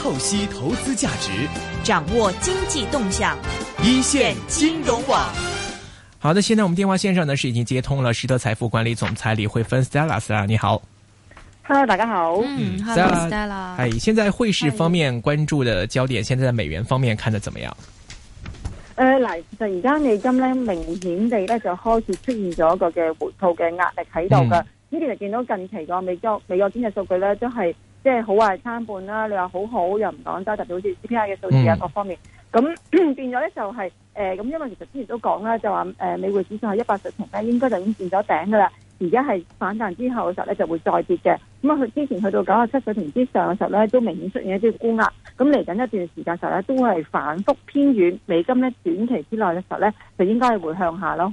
透析投資價值，掌握經濟動向，一線金融網。好的，現在我們電話線上呢是已經接通了，實德財富管理總裁李慧芬 Stella，你好。Hello，大家好。嗯、嗯 Hello，Stella。Stella 哎，現在匯市方面關注的焦點，現在美元方面看得怎麼樣？呃，嗱，其實而家美金呢，明顯地呢，就開始出現咗一個嘅回吐嘅壓力喺度噶。呢其實見到近期個美國美國經濟數據呢，都係。即係好壞參半啦。你話好好又唔講得，特別好似 C P I 嘅數字啊，各方面咁、嗯、變咗咧就係、是、誒、咁、呃、因為其實之前都講啦，就話誒、呃，美匯指數係一百十平咧，應該就已經變咗頂噶啦。而家係反彈之後嘅時候咧，就會再跌嘅。咁啊，佢之前去到九十七水平之上嘅時候咧，都明顯出現一啲沽壓。咁嚟緊一段時間時候咧，都係反覆偏軟。美金咧短期之內嘅時候咧，就應該係會向下咯。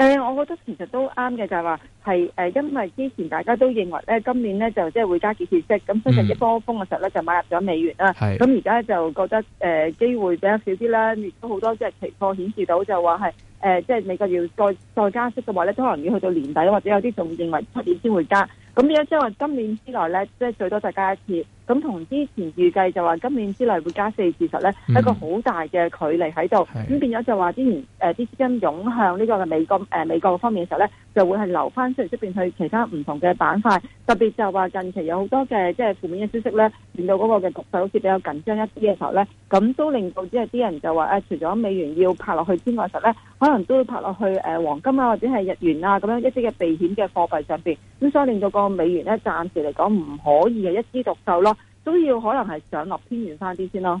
誒、呃，我覺得其實都啱嘅，就係話係誒，因為之前大家都認為咧，今年咧就即係會加幾次息，咁非常之波峰嘅時候咧就買入咗美元啦。咁而家就覺得誒、呃、機會比較少啲啦，亦都好多即係期貨顯示到就話係誒，即係美國要再再加息嘅話咧，都可能要去到年底，或者有啲仲認為七年先會加。咁而家即係話今年之內咧，即係最多就加一次。咁同之前預計就話今年之內會加四次息咧，嗯、一個好大嘅距離喺度。咁的變咗就話之前啲、呃、資金湧向呢個嘅美國、呃、美國方面嘅時候咧，就會係流翻出嚟出面去其他唔同嘅板塊。特別就話近期有好多嘅即係負面嘅消息咧，令到嗰個嘅局勢好似比較緊張一啲嘅時候咧，咁都令到即係啲人就話、呃、除咗美元要拍落去之外嘅時候呢，候咧可能都會拍落去誒、呃、黃金啊，或者係日元啊咁樣一啲嘅避險嘅貨幣上面。咁所以令到個美元咧暫時嚟講唔可以嘅一枝獨秀咯。都要可能係上落偏遠翻啲先咯。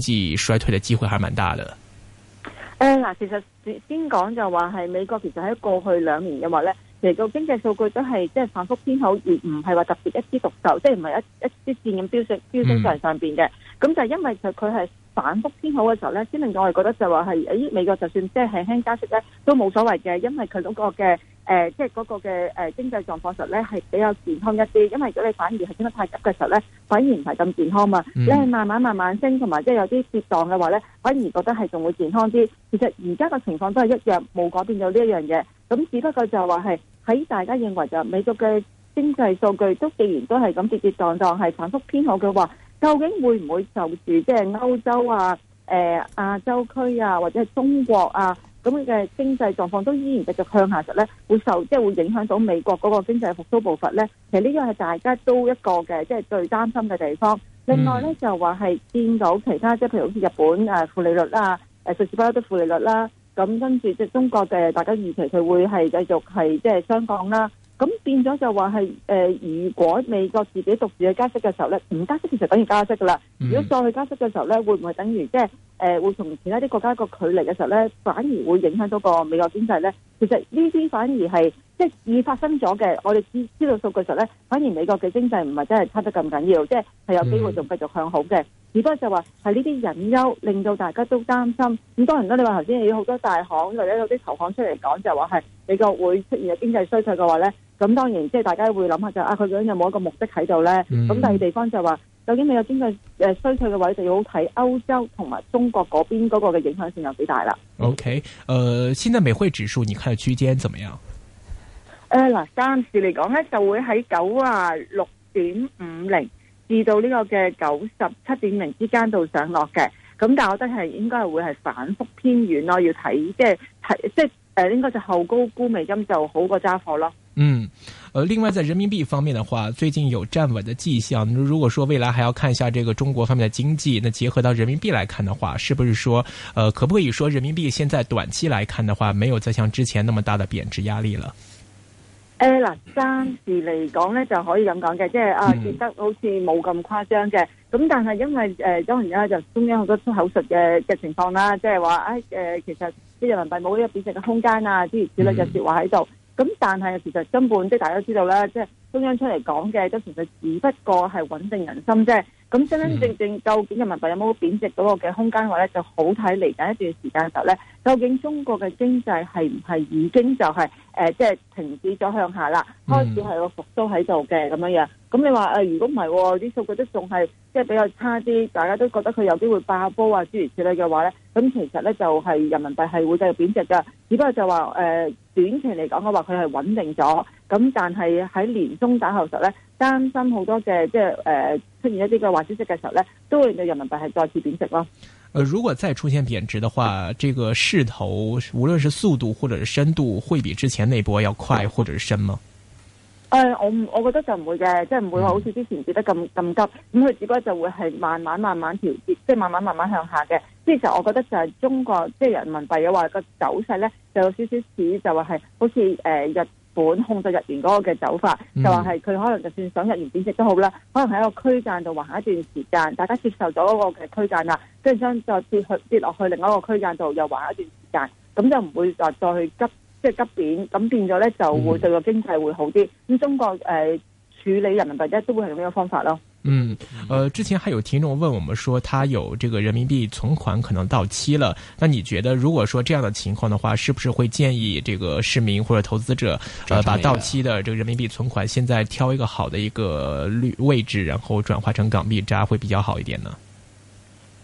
即經濟衰退的機會還蠻大的。誒，嗱，其實先講就話係美國，其實喺過去兩年嘅話咧。其實經濟數據都係即係反覆偏好，而唔係話特別一枝獨秀，即係唔係一一支箭咁飆升飆升上上邊嘅。咁、嗯、就因為就佢係反覆偏好嘅時候咧，先令到我哋覺得就話係，誒，美國就算即係輕輕加息咧，都冇所謂嘅，因為佢嗰、呃就是、個嘅誒，即係嗰個嘅誒、呃、經濟狀況實咧係比較健康一啲。因為如果你反而係升得太急嘅時候咧，反而唔係咁健康嘛。嗯、你係慢慢慢慢升，同埋即係有啲跌蕩嘅話咧，反而覺得係仲會健康啲。其實而家嘅情況都係一樣，冇改變咗呢一樣嘢。咁只不過就係話係喺大家認為就美國嘅經濟數據都既然都係咁跌跌撞撞，係反覆偏好嘅話，究竟會唔會就住即係歐洲啊、誒亞洲區啊或者係中國啊咁嘅經濟狀況都依然繼續向下實咧，會受即係會影響到美國嗰個經濟復甦步伐咧？其實呢個係大家都一個嘅即係最擔心嘅地方。另外咧就話係見到其他即係譬如好似日本啊負利率啦、誒瑞士包都負利率啦。咁跟住即係中國嘅大家的預期佢會係繼續係即係相降啦。咁變咗就話係、呃、如果美國自己獨自去加息嘅時候咧，唔加息其實等於加息㗎喇。如果再去加息嘅時候咧，會唔會等於即係誒會同其他啲國家個距離嘅時候咧，反而會影響到個美國經濟咧？其實呢啲反而係即係已發生咗嘅。我哋知知道數據時候咧，反而美國嘅經濟唔係真係差得咁緊要，即係係有機會仲繼續向好嘅。嗯只不過就話係呢啲隱憂令到大家都擔心，咁當然啦。你話頭先有好多大行，或者有啲投行出嚟講，就話係美國會出現有經濟衰退嘅話咧，咁當然即係大家會諗下就啊，佢究竟有冇一個目的喺度咧？咁、嗯、第二地方就話究竟你有經濟誒衰退嘅位就要睇歐洲同埋中國嗰邊嗰個嘅影響性有幾大啦。OK，誒、呃，現在美匯指數你睇區間怎麼樣？誒，嗱，暫時嚟講咧，就會喺九啊六點五零。至到呢個嘅九十七點零之間度上落嘅，咁但係我覺得係應該係會係反覆偏軟咯，要睇即係睇即係誒，應該就後高沽美金就好過揸貨咯。嗯，呃另外在人民幣方面的話，最近有站穩的迹象。如果說未來還要看一下這個中國方面的經濟，那結合到人民幣來看的話，是不是說，呃，可不可以說人民幣現在短期來看的話，沒有再像之前那麼大的貶值壓力了？誒嗱、呃，暫時嚟講咧，就可以咁講嘅，即係、mm hmm. 啊，跌得好似冇咁誇張嘅。咁但係因為誒、呃，當然就中央好多出口術嘅嘅情況啦，即係話誒，其實啲人民幣冇呢個貶值嘅空間啊，諸如此類嘅説話喺度。咁、mm hmm. 但係其實根本即係大家都知道啦，即係中央出嚟講嘅，都其實只不過係穩定人心，即係。咁真真正正，正究竟人民幣有冇貶值嗰個嘅空間嘅話咧，就好睇嚟緊一段時間嘅時候咧，究竟中國嘅經濟係唔係已經就係即係停止咗向下啦，開始係個復甦喺度嘅咁樣樣。咁你話、呃、如果唔係喎，啲、哦、數據都仲係即係比較差啲，大家都覺得佢有機會爆波啊諸如此類嘅話咧，咁其實咧就係人民幣係會繼續貶值噶，只不過就話誒、呃、短期嚟講嘅話，佢係穩定咗。咁，但係喺年中打後實咧，擔心好多嘅，即係誒出現一啲嘅壞消息嘅時候咧，都會令到人民幣係再次貶值咯、呃。如果再出現貶值嘅話，這個勢頭，無論是速度或者是深度，會比之前那波要快或者是深嗎？誒、呃，我我覺得就唔會嘅，即係唔會話好似之前跌得咁咁、嗯、急。咁佢只不過就會係慢慢慢慢調節，即、就、係、是、慢慢慢慢向下嘅。即係其實，我覺得就係中國即係、就是、人民幣嘅話、那個走勢咧，就有少少似就話係好似誒日。呃日本控制日元嗰個嘅走法，就話係佢可能就算想日元貶值都好啦，可能喺一個區間度橫一段時間，大家接受咗嗰個嘅區間啦，跟住將再跌去跌落去另外一個區間度又橫一段時間，咁就唔會話再去急即係急跌，咁變咗咧就會對個經濟會好啲。咁、嗯、中國誒、呃、處理人民幣咧都會用呢個方法咯？嗯，呃，之前還有聽眾問我們說，他有這個人民幣存款可能到期了，那你覺得如果說這樣的情況的話，是不是會建議這個市民或者投資者，呃，把到期的這個人民幣存款現在挑一個好的一個率位置，然後轉化成港幣揸，會比較好一點呢？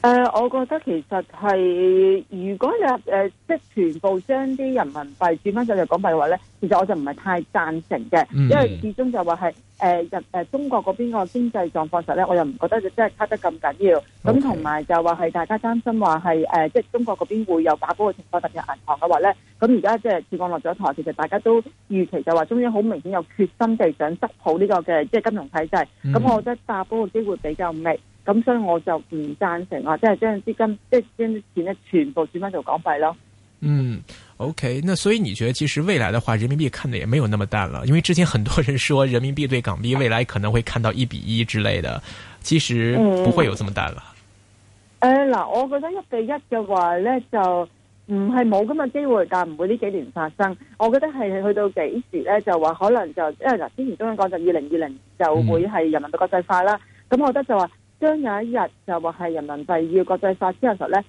呃，我覺得其實是，如果有呃即、就是、全部將啲人民幣轉翻上嚟港幣的話呢，其實我就唔係太贊成嘅，因為始終就話係。誒，日誒、呃呃，中國嗰邊個經濟狀況實咧，我又唔覺得就真係卡得咁緊要。咁同埋就話係大家擔心話係誒，即、呃、係、就是、中國嗰邊會有打波嘅情況，特別銀行嘅話咧，咁而家即係次光落咗台，其實大家都預期就話中央好明顯有決心地想執好呢個嘅即係金融體制。咁、mm. 我覺得打波嘅機會比較微，咁所以我就唔贊成啊，即係將資金即係將啲錢咧全部轉翻做港幣咯。嗯，OK，那所以你覺得其實未來的話，人民幣看的也沒有那麼淡了，因為之前很多人說人民幣對港幣未來可能會看到一比一之類的，其實不會有這麼淡了。誒、嗯，嗱、呃，我覺得一比一嘅話呢，就唔係冇咁嘅機會，但唔會呢幾年發生。我覺得係去到幾時呢，就話可能就因為嗱，之前中央講就二零二零就會係人民幣國際化啦。咁、嗯、我覺得就話將有一日就話係人民幣要國際化之後呢。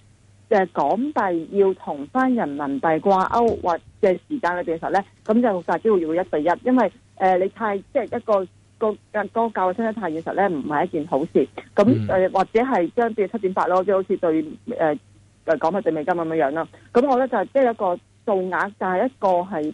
誒港幣要同翻人民幣掛鈎或嘅時間裏嘅時候咧，咁就大機會要一對一，因為、呃、你太即係、就是、一個個,個價個價嘅升得太遠實，實咧唔係一件好事。咁、呃、或者係將跌七點八咯，即係好似對、呃、港幣對美金咁樣樣啦。咁我咧就係即係一個數額，就係一個係。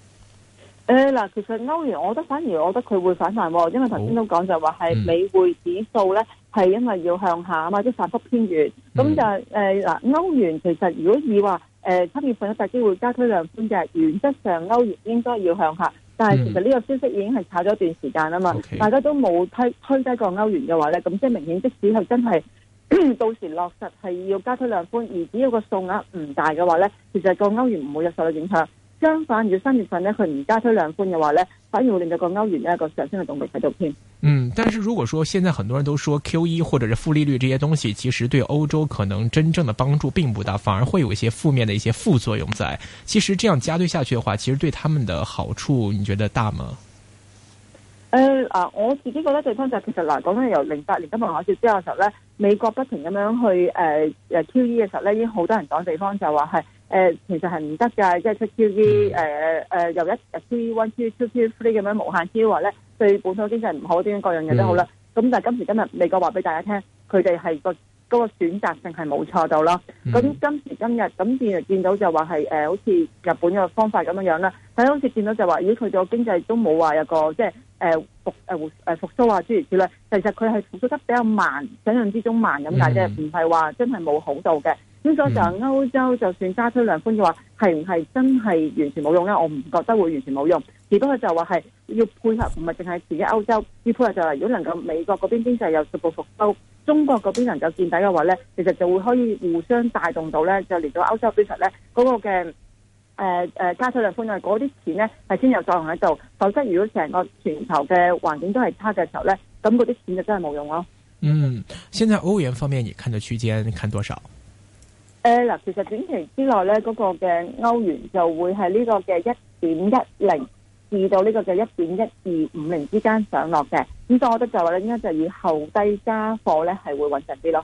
誒，嗱，其實歐元，我覺得反而我覺得佢會反彈，因為頭先都講就話係美匯指數咧，係因為要向下啊嘛，嗯、即係反幅偏弱。咁、嗯、就誒，嗱，歐元其實如果以話誒七月份一大機會加推量寬嘅，原則上歐元應該要向下。但係其實呢個消息已經係炒咗一段時間啊嘛，嗯、大家都冇推推低過歐元嘅話咧，咁 Okay. 即係明顯即使係真係到時落實係要加推量寬，而只要個數額唔大嘅話咧，其實個歐元唔會有受到影響。相反，如果三月份呢佢唔加推量寬嘅話呢，反而會令到個歐元呢個上升嘅動力喺度添。嗯，但是如果說現在很多人都說 QE 或者是負利率這些東西，其實對歐洲可能真正的幫助並不大，反而會有一些負面的一些副作用在。其實這樣加推下去嘅話，其實對他們的好處，你覺得大嗎？誒，啊，我自己覺得地方就係、是，其實嗱，講、啊、翻由零八年金融危機之後嘅時候呢，美國不停咁樣去誒誒、呃、QE 嘅時候呢，已經好多人講地方就話、是、係。誒、呃、其實係唔得㗎，即係出 QE 誒誒誒，一 Q1、呃、one、呃、two three 咁樣無限超話咧，對本土經濟唔好，啲各樣嘢都好啦。咁、嗯、但係今時今日，美國話俾大家聽，佢哋係個、嗰個選選擇性係冇錯到咯。咁、嗯、今時今日咁見見到就話係、呃、好似日本嘅方法咁樣樣啦。但係好似見到就話、是，如果佢哋個經濟都冇話有個即係誒、呃呃呃、復誒復誒復甦啊諸如此類，其實佢係復甦得比較慢，想象之中慢咁，但係即係唔係話真係冇好到嘅。咁所以就歐洲就算加推量寬嘅話，係唔係真係完全冇用咧？我唔覺得會完全冇用，只不過就話係要配合，唔係淨係自己歐洲。要配合就係如果能夠美國嗰邊經濟有逐步復蘇，中國嗰邊能夠見底嘅話咧，其實就會可以互相帶動到咧，就嚟到歐洲其實咧嗰個嘅誒誒加推量寬，因為嗰啲錢咧係先有作用喺度。否則如果成個全球嘅環境都係差嘅時候咧，咁嗰啲錢就真係冇用咯。嗯，現在歐元方面，你看嘅區間看多少？誒，嗱、呃，其實短期之內咧，嗰、那個嘅歐元就會喺呢個嘅一點一零至到呢個嘅一點一二五零之間上落嘅，咁所以我覺得就話咧，應該就以後低加貨咧係會穩陣啲咯。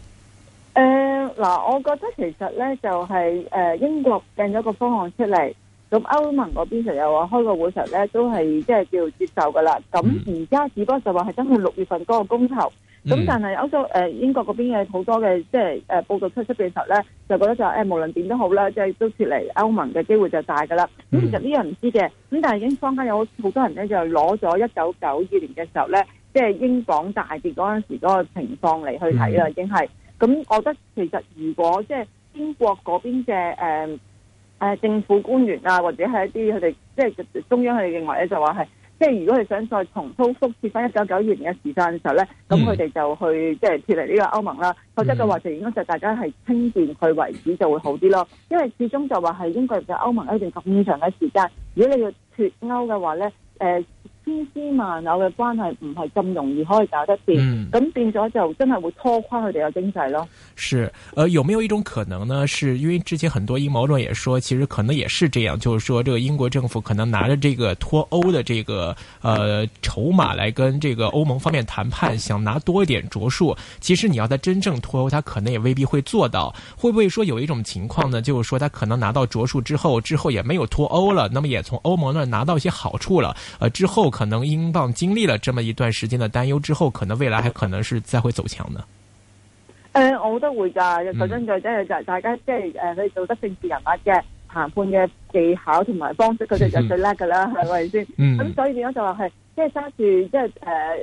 嗱，我覺得其實咧就係誒英國掟咗個方案出嚟，咁歐盟嗰邊就有話開個會實咧都係即係叫接受噶啦。咁而家只不過就話係等到六月份嗰個公投。咁但係歐洲誒英國嗰邊嘅好多嘅即係誒報道出出嘅時候咧，就覺得就誒無論點都好啦，即係都脱離歐盟嘅機會就大噶啦。咁其實呢樣唔知嘅，咁但係已經坊間有好多人咧就攞咗一九九二年嘅時候咧，即係英港大跌嗰陣時嗰個情況嚟去睇啦，已經係。咁，我覺得其實如果即係英國嗰邊嘅、呃呃、政府官員啊，或者係一啲佢哋即係中央佢哋認為咧，就話係即係如果你想再重操復設翻一九九二年嘅時間嘅時候咧，咁佢哋就去即係脱離呢個歐盟啦。否則嘅話就應該就大家係清掂佢為止就會好啲咯。因為始終就話係英國入歐歐盟一段咁長嘅時間，如果你要脱歐嘅話咧，呃千絲萬縷嘅關係唔係咁容易可以搞得掂，咁變咗就真係會拖垮佢哋嘅經濟咯。是，呃，有沒有一種可能呢？是因為之前很多陰謀論也說，其實可能也是這樣，就是說，這個英國政府可能拿着這個脱歐的這個呃籌碼來跟這個歐盟方面談判，想拿多一點着數。其實你要他真正脱歐，他可能也未必會做到。會不會說有一種情況呢？就是說，他可能拿到着數之後，之後也沒有脱歐了，那麼也從歐盟那拿到一些好處了，呃，之後可。可能英鎊經歷了這麼一段時間嘅擔憂之後，可能未來還可能是再會走強、呃、的。誒、就是，我覺得會噶，就根據即係，就大家即係誒，佢、呃、做得政治人物嘅談判嘅技巧同埋方式，佢哋就最叻噶啦，係咪先？咁吧、嗯、所以點樣、嗯嗯、就話、是、係，即係揸住即係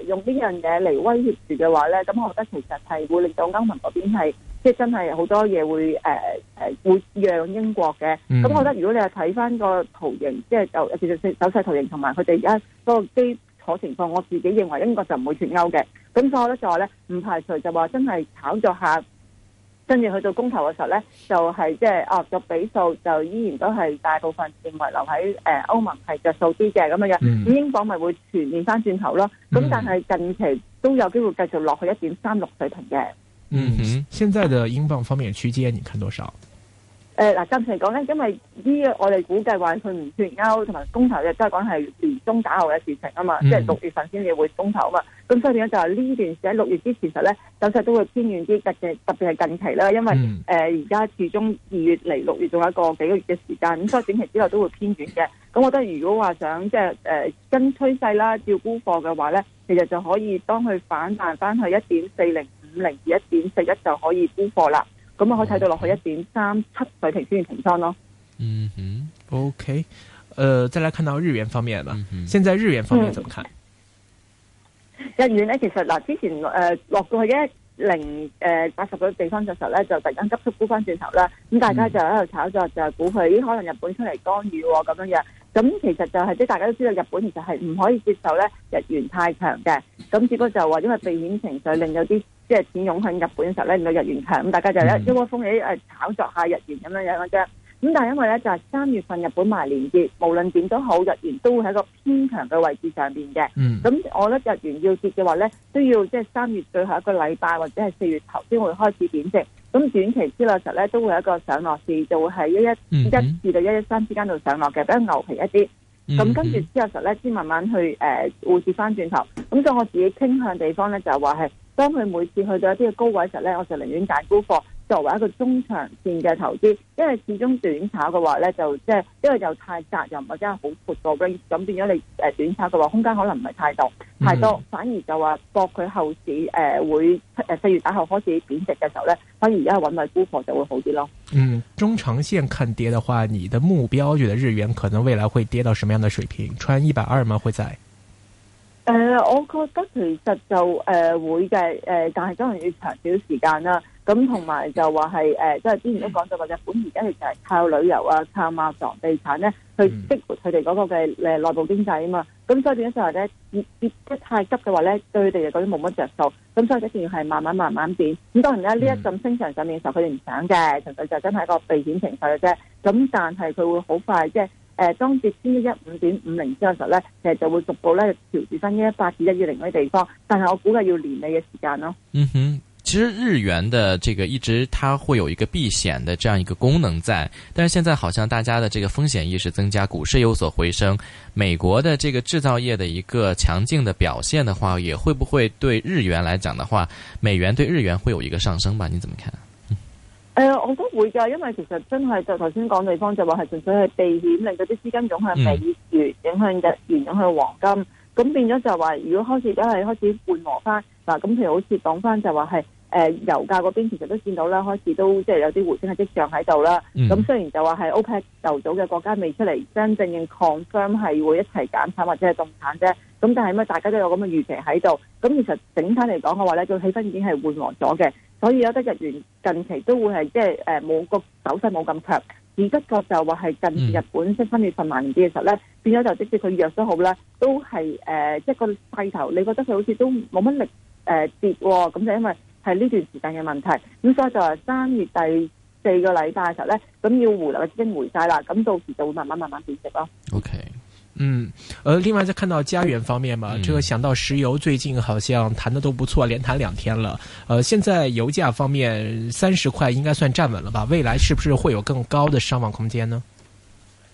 誒，用呢樣嘢嚟威脅住嘅話咧，咁我覺得其實係會令到歐盟嗰邊係。即係真係好多嘢會誒誒、呃、會讓英國嘅，咁、嗯、我覺得如果你係睇翻個圖形，即係就其實走走勢圖形同埋佢哋而家嗰個基礎情況，我自己認為英國就唔會脫歐嘅。咁所以我覺得就話咧，唔排除就話真係炒作下，跟住去到公投嘅時候咧，就係即係哦個比數就依然都係大部分認為留喺誒歐盟係着數啲嘅咁樣樣，咁、嗯、英鎊咪會全面翻轉頭咯。咁但係近期都有機會繼續落去一點三六水平嘅。嗯，哼，現在的英鎊方面區間，你看多少？誒、呃，嗱，暫時嚟講咧，因為呢，我哋估計話佢唔脱歐同埋公投嘅，即係講係年中打後嘅事情啊嘛，嗯、即係六月份先至會公投啊嘛。咁所以點解就係呢段時喺六月之前實咧走勢都會偏遠啲，特嘅特別係近期啦，因為誒而家始終二月嚟六月仲有一個幾個月嘅時間，咁所以短期之內都會偏遠嘅。咁我覺得如果話想即係誒、呃、跟趨勢啦，照沽貨嘅話咧，其實就可以當佢反彈翻去一點四零零至一點四一就可以沽貨啦，咁啊可以睇到落去一點三七水平先至平倉咯。嗯哼，OK，誒，嗯嗯嗯、再嚟睇到日元方面啦，嗯嗯、現在日元方面怎麼看？日元咧，其實嗱、呃，之前誒落到去一零誒八十嘅地方嘅時候咧，就突然間急速沽翻轉頭啦，咁大家就喺度炒作，就係估佢可能日本出嚟干預咁樣樣。咁其實就係即係大家都知道，日本其實係唔可以接受咧日元太強嘅，咁結果就話因為避險情緒令有啲。即係錢湧向日本嘅時候咧，令到日元強咁，大家就一一窩蜂起誒炒作下日元咁樣樣嘅啫。咁但係因為咧，就係、是、三月份日本賣連跌，無論點都好，日元都會喺一個偏強嘅位置上邊嘅。咁、嗯、我覺得日元要跌嘅話咧，都要即係三月最後一個禮拜或者係四月頭先會開始貶值。咁短期之內實咧都會有一個上落市，就會係一一一至到一一三之間度上，上落嘅，比較牛皮一啲。咁跟住之後實咧先慢慢去誒、呃、回跌翻轉頭。咁所以我自己傾向地方咧就係話係。當佢每次去到一啲嘅高位時候咧，我就寧願解沽貨，作為一個中長線嘅投資，因為始終短炒嘅話咧，就即係因為又太窄或者係好闊過，咁變咗你誒短炒嘅話，空間可能唔係太多太多，太多嗯、反而就話博佢後市誒、呃、會誒四、呃、月打後開始貶值嘅時候咧，反而而家搵位沽貨就會好啲咯。嗯，中長線看跌嘅話，你的目標覺得日元可能未來會跌到什麼樣的水平？穿一百二嗎？會在？誒、呃，我覺得其實就誒、呃、會嘅，誒、呃，但係當然要長少時間啦、啊。咁同埋就話係誒，即、呃、係之前都講到話日本而家其實係靠旅遊啊、靠賣房地產咧去激活佢哋嗰個嘅誒內部經濟啊嘛。咁所以變咗就係咧，即即太急嘅話咧，對佢哋就覺得冇乜着數。咁所以一定要係慢慢慢慢變咁當然啦，呢一陣升上上面嘅時候，佢哋唔想嘅，純粹就真係一個避險情緒嘅啫。咁但係佢會好快即係。誒當跌穿一一五點五零之後實咧，其實就會逐步咧調節翻一一八至一二零嗰啲地方，但係我估計要年尾嘅時間咯。嗯哼，其實日元的這個一直，它會有一個避險的這樣一個功能在，但是現在好像大家的這個風險意識增加，股市有所回升，美國的這個製造業的一個強勁的表現的話，也會不會對日元來講的話，美元對日元會有一個上升吧？你怎麼看？誒、哎，我都會噶，因為其實真係就頭先講地方就話係純粹係避險，令到啲資金湧向美元，嗯、影響日元，影響黃金。咁變咗就話，如果開始都係開始緩和翻嗱，咁、啊、譬如好似講翻就話係誒油價嗰邊，其實都見到啦，開始都即係、就是、有啲回升嘅跡象喺度啦。咁、嗯、雖然就話係 OPEC 就早嘅國家未出嚟真正嘅 confirm 係會一齊減產或者係凍產啫，咁但係乜、嗯、大家都有咁嘅預期喺度。咁其實整體嚟講嘅話咧，個氣氛已經係緩和咗嘅。所以有得日元近期都會係即係誒冇個走勢冇咁強，而不過就話係近日本即分別慢啲嘅時候咧，變咗就即使佢約咗好啦，都係誒即係個勢頭，你覺得佢好似都冇乜力誒、呃、跌喎、哦，咁就因為係呢段時間嘅問題。咁再就係三月第四個禮拜嘅時候咧，咁、嗯、要回流已經回嘅資金回晒啦，咁到時候就會慢慢慢慢變直咯。OK。嗯，呃，另外再看到加元方面嘛，嗯、這個想到石油最近好像彈得都不錯，連彈兩天了。呃，現在油價方面三十塊應該算站穩了吧？未來是不是會有更高的上望空間呢？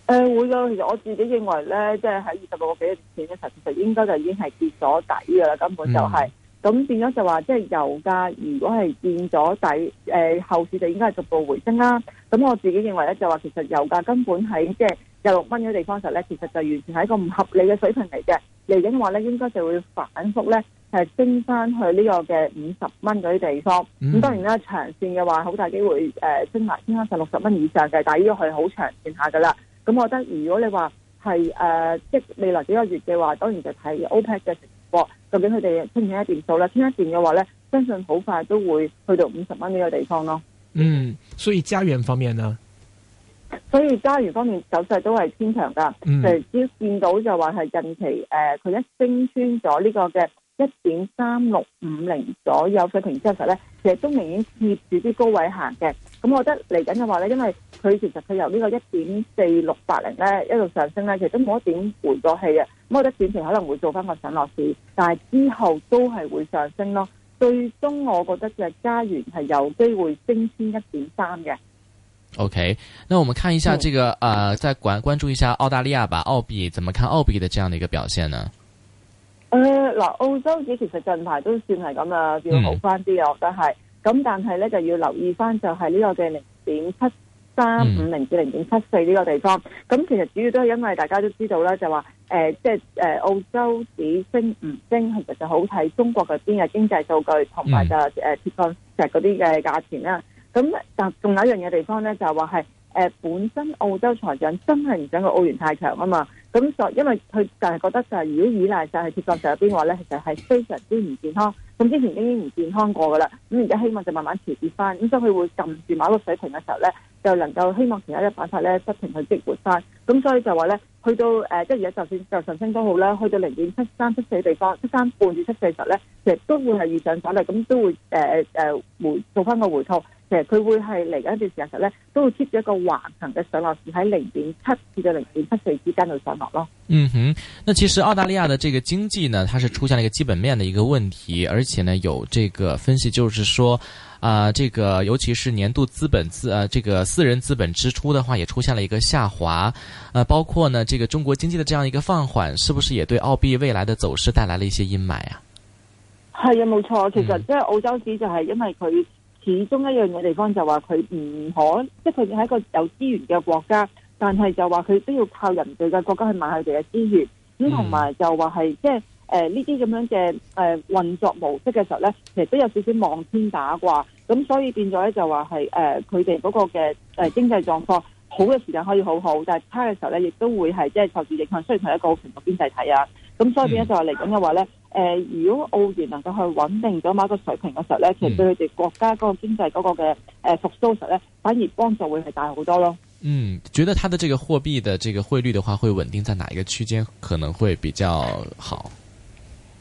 誒、呃，會有。其實我自己認為呢，即係喺二十個幾之前候，實其實應該就已經係跌咗底噶啦，根本就係、是。咁變咗就話，即係油價如果係跌咗底，誒、呃，後市就應該逐步回升啦、啊。咁、嗯、我自己認為咧，就話其實油價根本喺即係。廿六蚊嗰啲地方嘅時候咧，其實就完全係一個唔合理嘅水平嚟嘅，嚟緊話咧應該就會反覆咧誒升翻去呢個嘅五十蚊嗰啲地方。咁當然啦，長線嘅話好大機會誒升埋升翻上六十蚊以上嘅，但係呢個係好長線下噶啦。咁我覺得如果你話係誒即係未來幾個月嘅話，當然就睇 OPEC 嘅情況，究竟佢哋傾唔傾一段數咧？傾一段嘅話咧，相信好快都會去到五十蚊呢個地方咯。嗯，所以家園方面呢？所以加元方面走勢都係偏強㗎，就係、嗯、只要見到就話係近期誒，佢、呃、一升穿咗呢個嘅一點三六五零左右水平之後咧，其實都明顯貼住啲高位行嘅。咁我覺得嚟緊嘅話咧，因為佢其實佢由這個呢個一點四六八零咧一路上升咧，其實都冇一點回過氣嘅。咁我覺得短期可能會做翻個上落市，但係之後都係會上升咯。最終我覺得就係加元係有機會升穿一點三嘅。O、okay, K，那我們看一下這個，嗯、呃，再關關注一下澳大利亞吧，澳幣，怎麼看澳幣的這樣的一個表現呢？呃,呃，澳澳洲紙其實近排都算係咁啊，要好翻啲，嗯、我覺得係。咁但係咧就要留意翻、嗯，就係呢個嘅零點七三五零至零點七四呢個地方。咁其實主要都係因為大家都知道啦，就話，誒、呃，即係誒、呃、澳洲紙升唔升，其實就好睇中國嗰邊嘅經濟數據同埋就誒鐵礦石嗰啲嘅價錢啦。咁但仲有一樣嘢地方咧，就係話係誒本身澳洲財長真係唔想個澳元太強啊嘛。咁就因為佢就係覺得就係如果依賴就係鐵礦石入邊嘅話咧，其實係非常之唔健康。咁之前已經唔健康過噶啦，咁而家希望就慢慢調節翻。咁所以佢會撳住某一個水平嘅時候咧，就能夠希望其他嘅板塊咧不停去激活翻。咁所以就話咧，去到即係而家就算就上升都好啦，去到零點七三七四地方，七三半至七四嘅時候咧，其實都會係遇上阻力，咁都會誒、呃、回，回做翻個回吐。其實佢會係嚟緊一段時間，實咧都會貼住一個橫行嘅上落市，喺零點七至到零點七四之間度上落咯。嗯哼，那其實澳大利亞的這個經濟呢，它是出現了一個基本面的一個問題，而且呢有這個分析就是說，啊、呃，這個尤其是年度資本自呃這個私人資本支出的話，也出現了一個下滑。呃包括呢，這個中國經濟的這樣一個放緩，是不是也對澳幣未來的走勢帶來了一些陰霾啊？係啊，冇錯，其實即係、嗯、澳洲紙就係因為佢。始終一樣嘅地方就話佢唔可，即係佢哋係一個有資源嘅國家，但係就話佢都要靠人哋嘅國家去買佢哋嘅資源，咁同埋就話係即係誒呢啲咁樣嘅誒運作模式嘅時候咧，其實都有少少望天打卦，咁所以變咗咧就話係誒佢哋嗰個嘅誒、呃、經濟狀況好嘅時間可以好好，但係差嘅時候咧，亦都會係即係受住影響，雖然係一個好強大經濟體啊。咁所以變咗就係嚟緊嘅話咧，誒、嗯，如果澳元能夠去穩定咗某個水平嘅時候咧，其實對佢哋國家嗰個經濟嗰個嘅誒復蘇時候咧，反而幫助會係大好多咯。嗯，覺得它的這個貨幣的這個匯率的話，會穩定在哪一個區間可能會比較好？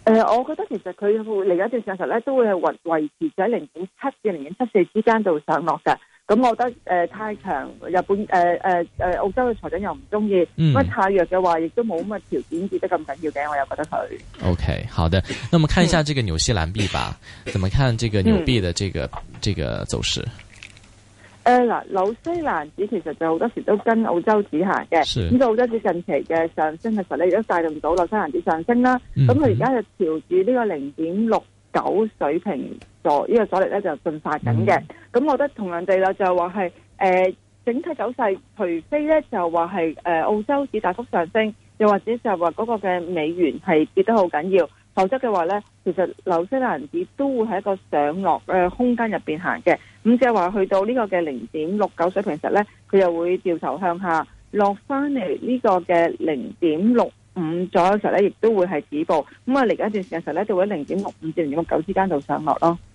誒、嗯，我覺得其實佢嚟緊一段時候咧，都會係維維持在零點七至零點七四之間度上落嘅。咁我覺得誒、呃、太強，日本誒誒誒澳洲嘅財政又唔中意，嗯、太弱嘅話，亦都冇乜條件跌得咁緊要嘅，我又覺得佢。O、okay, K，好的，那我們看一下這個紐西蘭幣吧，嗯、怎麼看這個紐幣的這個、嗯、這個走勢？誒嗱、呃，紐西蘭子其實就好多時都跟澳洲子行嘅，咁個是澳洲子近期嘅上升力，其實咧亦都帶動到紐西蘭子上升啦。咁佢而家就調至呢個零點六九水平。呢個阻力咧就進發緊嘅，咁、嗯、我覺得同樣地啦，就話係誒整體走勢，除非咧就話係誒澳洲指大幅上升，又或者就話嗰個嘅美元係跌得好緊要，否則嘅話咧，其實紐西蘭指都會喺一個上落嘅空間入邊行嘅，咁即係話去到呢個嘅零點六九水平時咧，佢又會掉頭向下落翻嚟呢個嘅零點六五左右時咧，亦都會係止步，咁啊嚟緊一段時間時咧，就會喺零點六五至零點六九之間度上落咯。